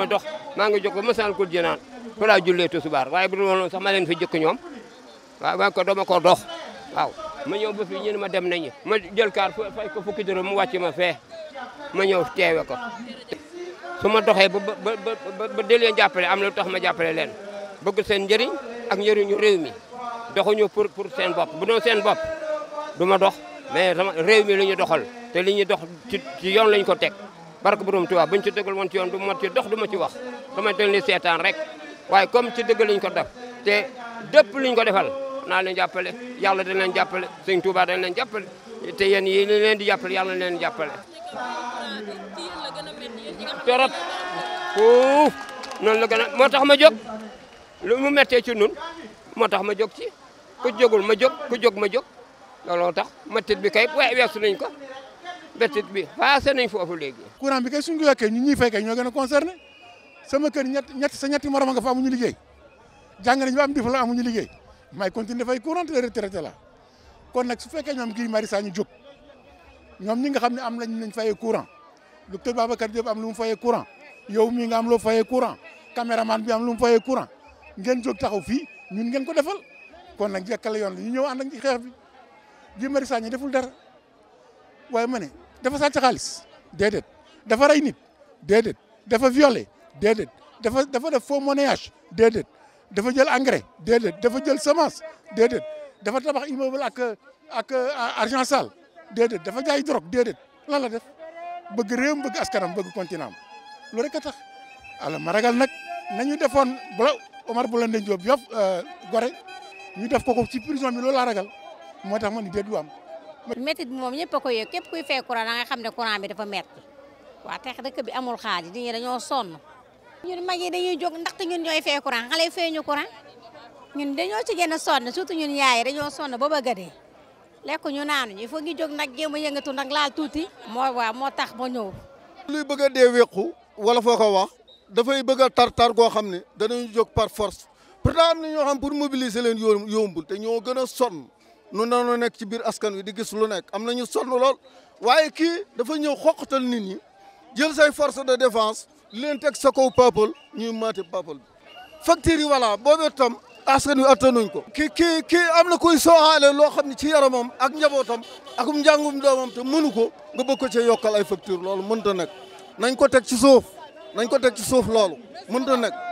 ma dox maa ngi jóg ba Masaalikul Jinaan fa laa jullee tisbaar waaye bu dul woon sax ma leen fi jëkk ñoom waaw maa ko dama ko dox waaw ma ñëw ba fi ñu ma dem nañu ma jël kaar fay ko fukki dërëm mu wàcc ma fe ma ñëw teewe ko su ma doxee ba ba ba ba di leen jàppale am lu tax ma jàppale leen bëgg sen njëriñ ak njëriñu réew mi doxuñu pour pour seen bopp bu doon seen bopp du ma dox mais sama réew mi la ñu doxal te li ñuy dox ci yoon lañ ko teg barke borom Tuubaa buñ ci dëggal woon ci yoon du ma ci dox du ma ci wax dama teel ni seetaan rek waaye comme ci dëgg lañ ko def te dëpp liñ ko defal naa leen jàppale yàlla dañ leen jàppale sëñ Tuubaa dañ leen jàppale te yéen yi li leen di jàppale yàlla leen jàppale torop fuuf noonu la gën a moo tax ma jóg lu mu méttee ci nun moo tax ma jóg ci ku jógul ma jóg ku jóg ma jóg looloo tax ma bi kay waaye weesu nañ ko bétit bi passé nañ foofu léegi. courant bi kay suñ ko yokkee ñun ñuy fay kay ñoo gën a concerné sama kër ñett ñett sa ñetti morom nga fa amuñu liggéey jàng nañ ba am diplôme amuñu liggéey may continuer dafay courant te retraité la kon nag su fekkee ñoom Guy mari Sagna ñu jóg ñoom ñi nga xam ne am lañ lañ fayee courant docteur Babacar Diop am lu mu fayee courant yow mii nga am loo fayee courant caméraman bi am lu mu fayee courant ngeen jóg taxaw fii ñun ngeen ko defal kon nag jekkal yoon la ñu ñëw ànd ak ci xeex bi Guy Marius Sagna deful dara waaye ma dafa sàcc xaalis déedéet dafa rey nit déedéet dafa violé déedéet dafa dafa def faux monnayage déedéet dafa jël engrais déedéet dafa jël semence déedéet dafa tabax immeuble ak ak argent sale déedéet dafa jaay drogue déedéet lan la def bëgg réewam bëgg askanam bëgg continent am loolu rek a tax alors ma ragal nag nañu defoon bu la Omar Blondin Diop Yoff euh, ñu def ko ko ci prison bi loolu laa ragal moo tax ma ni déet du am métti bi moom ñëpp ko yëg képp kuy fay courant da nga xam ne courant bi dafa métti waa tex dëkk bi amul xaalis nit ñi dañoo sonn ñun mag yi dañuy jóg ndaxte ñun ñooy fay courant xale yi fay ñu courant ñun dañoo ci gën a sonn surtout ñun yaay dañoo sonn ba bëgg a dee lekk ñu naan il faut ñu jóg nag jéem a yëngatu nag laal tuuti moo waaw moo tax ma ñëw luy bëgg a dee wéqu wala foo ko wax dafay bëgg a tar-tar goo xam ne danañu jóg par force pourtant am na ñoo xam pour mobiliser leen yóombul te ñoo gën a sonn nu dañoo nekk ci biir askan wi di gis lu nekk am nañu ñu lool waaye kii dafa ñëw xoqatal nit ñi jël say force de défense leen teg sa kaw peuple ñuy maate peuple bi factures yi voilà boobee tam askan wi attanuñ ko. ki ki am na kuy sooxaale loo xam ne ci yaramam ak njabootam akum njàngum doomam te mënu ko nga bëgg ko cee yokkal ay facture loolu mënut a nekk nañ ko teg ci suuf nañ ko teg ci suuf loolu mënut a nekk.